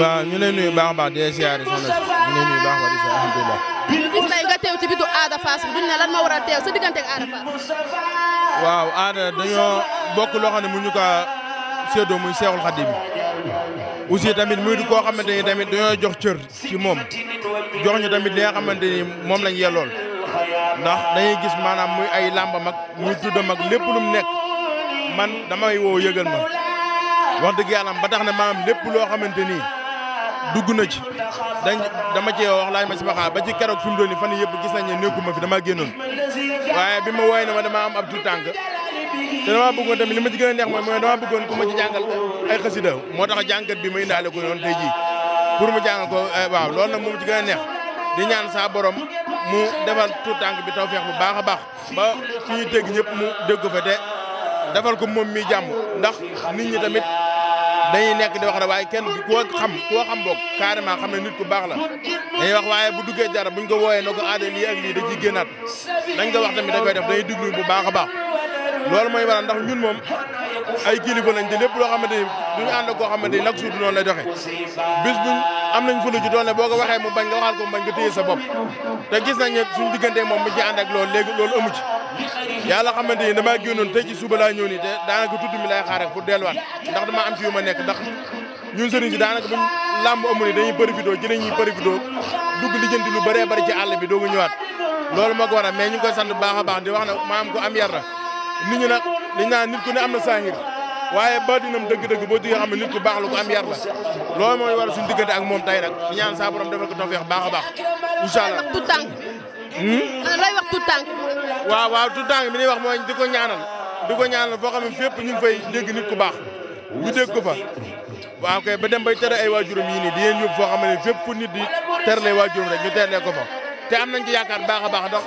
waaw ñu lay nuyu baax a baax di siyaare si ñu lay nuyu baax baax di siyaare alhamdulilah. gis nañ nga teew ci bitu aada Fass bi lan moo waral teew sa diggante aada Fass. waaw aada dañoo bokk loo xam ne mu ñu ko séddoo muy Seexul Xadiim bi aussi tamit muy koo xamante ni tamit dañoo jox cër ci moom jox tamit li nga xamante ni moom lañ yellool ndax dañuy gis maanaam muy ay làmba mag muy tudda mag lépp lu mu nekk man damay woo yëgal ma. wax dëgg yàlla ba tax na maanaam lépp loo xamante ni dugg na ci dama cee wax laaj ma si baxaa ba ci keroog fi mu doon nii fan yëpp gis nañ ne nekkuma fi damaa génnoon waaye bi ma woowee na ma damaa am ab tuut tànk te damaa bëggoon tamit li ma ci gën a neex mooy mooy damaa bëggoon ku ma ci jàngal ay xasida moo tax jàngat bi ma indaale ko noonu tey jii pour mu jàngal ko lool eh, loolu nag moom ci gën di ñaan saa borom mu defal tuut tànk bi tawfeex bu baax a baax ba fi ñuy dégg ñëpp dégg fa te defal ko moom mi jàmm ndax nit ñi tamit dañuy nekk di wax rek waaye kenn koo xam koo xam boog carrément xam ne nit ku baax la dañuy wax waaye bu duggee dara buñ ko wooyee na ko aada lii ak lii da ciy génnaat dañ ko wax tamit da koy def dañuy déglu bu baax a baax loolu mooy waral ndax ñun moom ay kilifa lañ te lépp loo xamante ni duñu ànd ak koo xamante ni nag suudu noonu lay doxe bis am nañ fulu ji doon ne boo ko waxee mu bañ nga waxal ko mu bañ sa bopp te gis nañ ne suñu diggante moom mu ci ànd ak loolu léegi loolu amu ci yàlla xamante ni damaa génnoon tey ci suba laa ñëw nii te daanaka tudd mi lay xaar rek pour delluwaat ndax dama am fi yu nekk ndax ñun sëriñ si daanaka buñ làmb amu ni dañuy profité ci dañuy profité dugg lijjanti lu bëree bëri ci àll bi dooga ñëwaat loolu moo ko waral ñu ngi koy sant baax a baax di am yar nit ñi nag dañ naan nit ku ne am na saahir waaye nam dëgg-dëgg boo digee xam ne nit ku baax lu ko am yar la loolu mooy waral suñu diggante ak moom tey nag di ñaan saa borom defal ko tawfeex baax a baax incha allah tout tànk lay wax hmm? waaw waaw tout tànk bi ñuy wax mooy di ko ñaanal di ko ñaanal foo xam ne fépp ñu ngi fay nit ku baax ñu dégg ko fa waaw kay ba dem bay tere ay waajuram yii nii di yéen yóbbu foo xam ne fépp fu nit di terlee waajuram rek ñu terlee ko fa te am nañ ci yaakaar baax a baax ndax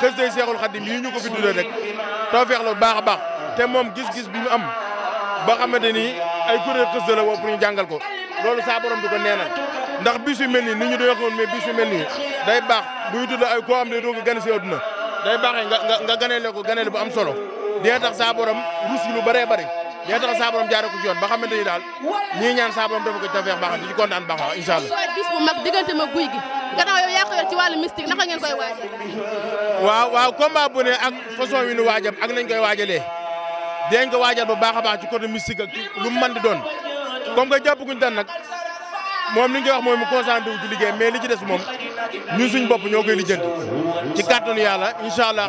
xës day seexul xadim ñu ko fi tuddee tawfeex la baax a baax te moom gis-gis bi mu am ba xamante ni ay kuréel xës la woo pour ñu jàngal ko loolu saa borom du ndax bis yu mel nii ni ñu doon waxoon mais bis yu mel nii day baax buy tudd ay koo xam ne doo ko gane si àdduna day baaxee nga nga nga ganele ko ganele bu am solo dina tax saa borom rus lu bëree bëri dina tax saa borom jaaree ko ci yoon ba xamante ni daal ñii ñaan saa borom dafa ko tawfeex baax gannaaw yow yaa ko yor ci wàllu mystique naka ngeen koy waajal. waaw waaw combat bu ne ak façon wi nu waajal ak nañ koy waajalee dinañ ko waajal ba baax a baax ci côté mystique ak lu mu mën di doon comme que jàppaguñ tan nag moom li ñu koy wax mooy mu concentré wu ci liggéey mais li ci des moom ñun suñ bopp ñoo koy lijjanti ci kàttanu yàlla incha allah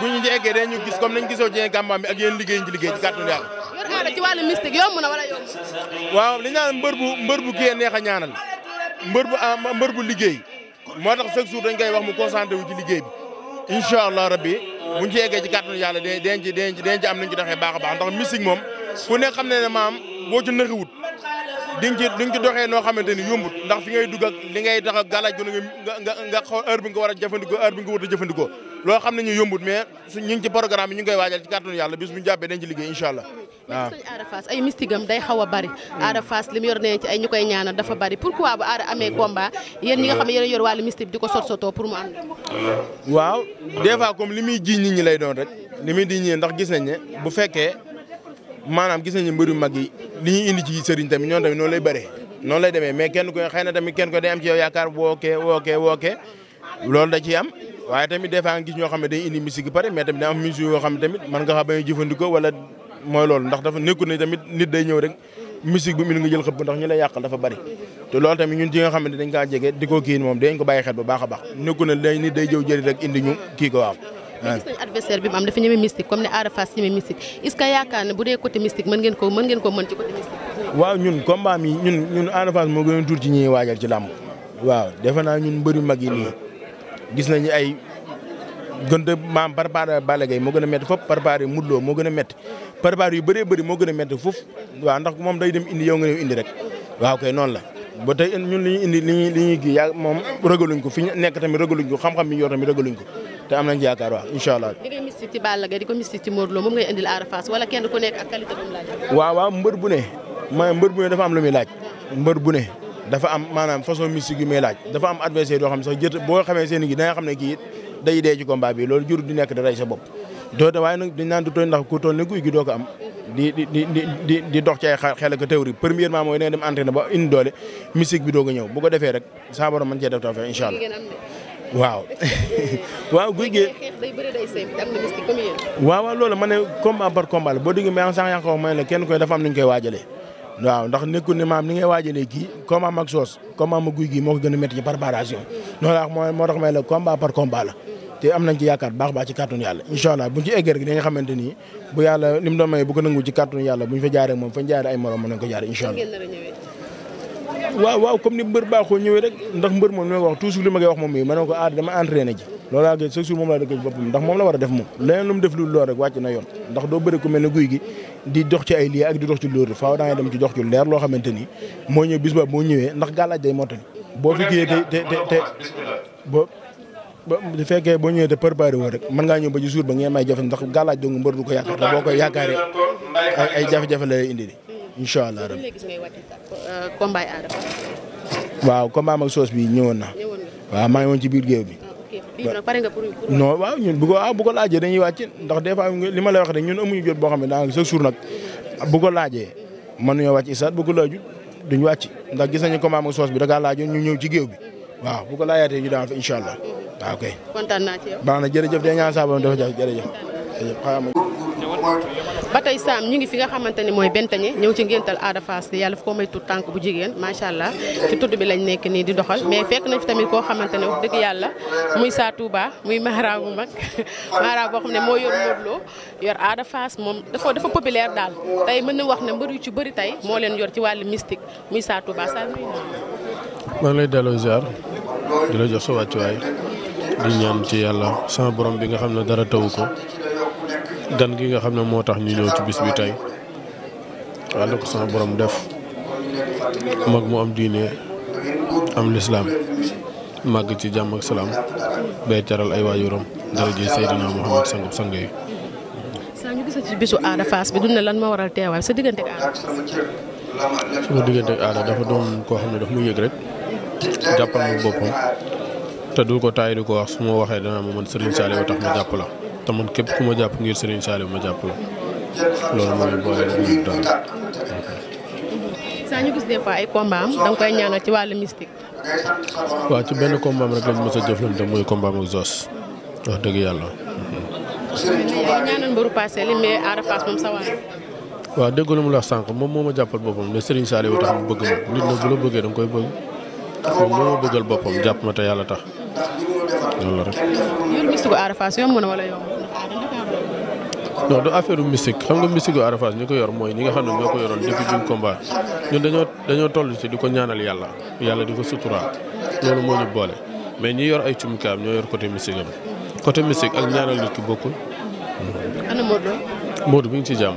bu ñu eggee ñu gis comme nañ gisoo ci gàmbaam bi ak yéen liggéey ñu ci liggéey ci kàttanu yàlla. yor na wala waaw li ñu naan mbër bu mbër neex a ñaanal mbër bu am mbër bu liggéey moo tax chaque jour dañ koy wax mu concentré wu ci liggéey bi incha allah rabbi buñ ci yeggee ci kàttanu yàlla dinañ ci dinañ ci am nañ ci doxee baax a baax ndax musique moom ku ne xam ne ne maam boo ci nëxiwut di nga ci di nga ci noo xamante ni yombut ndax fi ngay dugg ak li ngay tax ak galaaj nga nga nga xaw nga war a jëfandikoo a jëfandikoo loo xam ne ñu yombut mais su ñu ngi ci programme bi ñu ngi koy waajal ci kàttanu yàlla bis bu ñu jàppee dañ liggéey incha allah waaw sëñ a bari hmm. Ada Fass li mu yor nee ci ay ñu koy ñaanal dafa bari pourquoi bu Ada amee combat yéen ñi nga xam ne yéen ko sot li muy jiñ nit ñi lay doon rek li muy jiñ ñi ndax gis nañ bu fekkee maanaam gis nañu mbëru mag yi li ñuy indi ci sëriñ tamit ñoom tamit noonu lay bëree noonu lay demee mais kenn ko xëy na tamit kenn ko day am ci yow yaakaar wookee wookee wookee loolu da ciy am waaye tamit des fois nga gis ñoo xam ne day indi musique pare mais tamit da am musique yoo xam ne tamit mën nga xa bañ a jëfandikoo wala mooy loolu ndax dafa nekkul ne tamit nit day ñëw rek musique bu mu nga jël xëpp ndax ñu lay yàqal dafa bari te loolu tamit ñun ci nga xam ne dañ kaa jege di ko kii moom dañ ko bàyyi xel bu baax a baax nekkul ne day nit day jëw jëri rek indi ñu kii ko waaw mais gis nañ adversaire bi mu am dafa ñeme mystique comme ne Ada Fass ñeme mystique est ce que yaakaar moo gën a tuuti ci ñuy waajal ci làmb. waaw defe naa ñun ay gën a maam préparé Balla Gaye moo gën a métti foofu préparé Modou moo gën a métti yu bëree bëri moo gën a métti foofu waaw ndax moom day dem indi yow nga ñëw indi rek waaw kay noonu la. ba tey ñun li ñu indi li ñuy li ñuy kii yaa moom rëgaluñ ko fi ñu nekk tamit rëgaluñ xam-xam yi yor tamit rëgaluñ ko te am nañ yaakaar waaw incha allah. li ngay mystique ci Balla Gaye di ko mystique ci Modou Lo moom kenn ku nekk waaw mbër bu ne ma mbër bu ne dafa am lu muy laaj mbër bu ne dafa am maanaam façon mystique yu muy laaj dafa am adversaire yoo xam sax jët boo xamee seen gi da xam ne kii day dee ci bi loolu jur di nekk da rey sa bopp doo waaye nag dañ naan du ndax ku toll ne guy gi doo ko am di di di di di dox ci ay xel ak théorie premièrement mooy da nga dem entraîné ba indi doole mystique bi doog a ñëw bu ko defee rek saa borom mën cee def taw fexe incha allah waaw waaw guy gi waaw waaw loolu ma ne combat par combat la boo déggee mais sànq yaa ko wax ma ne la kenn koy dafa am ni ñu koy waajalee waaw ndax nekkul ne maam ni ngay waajalee kii combat mag soos combat ma guy gi moo ko gën a métti ci préparation noonu la wax moo tax may la combat par combat la te am nañ ci yaakaar baax baax ci kàttanu yàlla incha allah buñ ci eggee rek dinañ xamante ni bu yàlla li mu doon maye bu ko nangu ci kàttanu moom fañ jaaree ay morom waaw waaw comme ni mbër baaxoo ñëwee rek ndax mbër moom li ma wax li ma koy wax moom mii ma ne ko ah dama entraîné ji moom la a def moom leneen lu mu def lu lool rek wàcc na yoon ndax doo bëri ku mel ne guy gi di dox ci ay lii ak di dox ci loolu foo da ngay dem ci dox ci leer loo xamante ni moo ñëw bis ba boo ñëwee ndax gàllaaj day mottali boo fi kiyee te te te boo ba bu fekkee boo ñëwee te préparé woo rek mën ngaa ñëw ba ci jour ba ngeen may jafe ndax gàllaaj dong mbër du ko yaakaar te boo koy yaakaaree ay jafe la indi incha allah rabbi waa komba euh, ak soos bi ñëwoon na. waaw maa ngi ci biir géew bi. Ah, non waaw ñun bu ko ah bu ko laajee dañuy wàcc ndax des fois li ma lay wax rek ñun amuñu jot boo xam ne daanaka chaque jour bu ko laajee mën nañoo wàcc isaat bu ko laajut duñ wàcc ndax gis nañu combat ak soos bi da kaa laajoon ñu ñëw ci géew bi waaw bu ko laajaatee ñu daan fa incha allah waaw mm-hmm. ah, na jërëjëf de ñaan saa ba dafa ba tey saam ñu ngi fi nga xamante ni mooy Bentañe ñëw ci ngéntal Ada Fass yàlla fi ko may tut tànk bu jigéen macha allah ci tudd bi lañ nekk nii di doxal mais fekk nañ fi tamit koo xamante ne wax dëgg yàlla muy saa Touba muy Mara bu mag Mara boo xam ne moo yor Modou Lo yor Ada moom dafa dafa populaire daal tey mën na wax ne mbaru ci bëri tey moo leen yor ci wàllu mystique muy saa Touba saa nuyu naa. maa ngi lay delloo ziar di la jox sa wàccuwaay di ñaan ci yàlla sama borom bi nga xam ne dara taw ko. gan gi nga xam ne moo tax ñu ñëw ci bis bi tey yàlla ko sama borom def mag mu am diine am lislaam màgg ci jàmm ak salaam bay teral ay waajuram daraje Seydina Muhammad sangub sang yi saa ñu gisa ci bisu aada Fass bi duñ ne lan moo waral teewaay sa diggante ak aada sama diggante ak aada dafa doon koo xam ne daf mu yëg rek jàppal mu boppam te du ko taay di ko wax su ma waxee dana ma man Serigne Saliou tax ma jàpp la te man képp ku ma jàpp ngir Serigne Saliou ma jàpp la loolu mooy boole ñu daal. saa ñu gis des ay combat am koy ñaanal ci wàllu mystique. waaw ci benn combat am rek lañ mës a jëflante muy combat dëgg yàlla. ñaanal mbaru passé li mais Ada moom sa waay. waaw dégg mu la wax sànq moom moo ma jàppal boppam ne Serigne Saliou tax mu bëgg ma nit na bu la bëggee da koy bëgg moom moo bëggal boppam jàpp ma te yàlla tax loolu rek. mystique Ada Fass yomb na wala yomb non du affaire mystique xam nga mystique gu ñi ko yor mooy ñi nga xam ne ñoo ko yoroon ko bi combat ñun dañoo dañoo toll ci di ko ñaanal yàlla yàlla di ko suturaal loolu moo ñu boole mais ñi yor ay cumkaam ñoo yor côté mystique am côté mystique ak ñaanal nit ki bokkul. ana Modou. Modou bi ci jàmm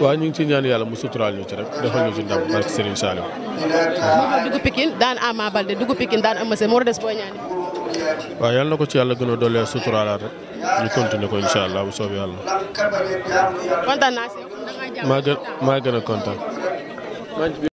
waa ñu ngi ci ñaan yàlla mu suturaal ñu ci rek defal ñu ci ndam barke Serigne Saliou. daan Ama Baldé dugg Pikine daan Ama Sène moo des waaw yàlla na ko ci yàlla gën a doole suturaalaat rek ñu continuer ko incha allah bu soobee yàlla. kontaan maa gën maa gën a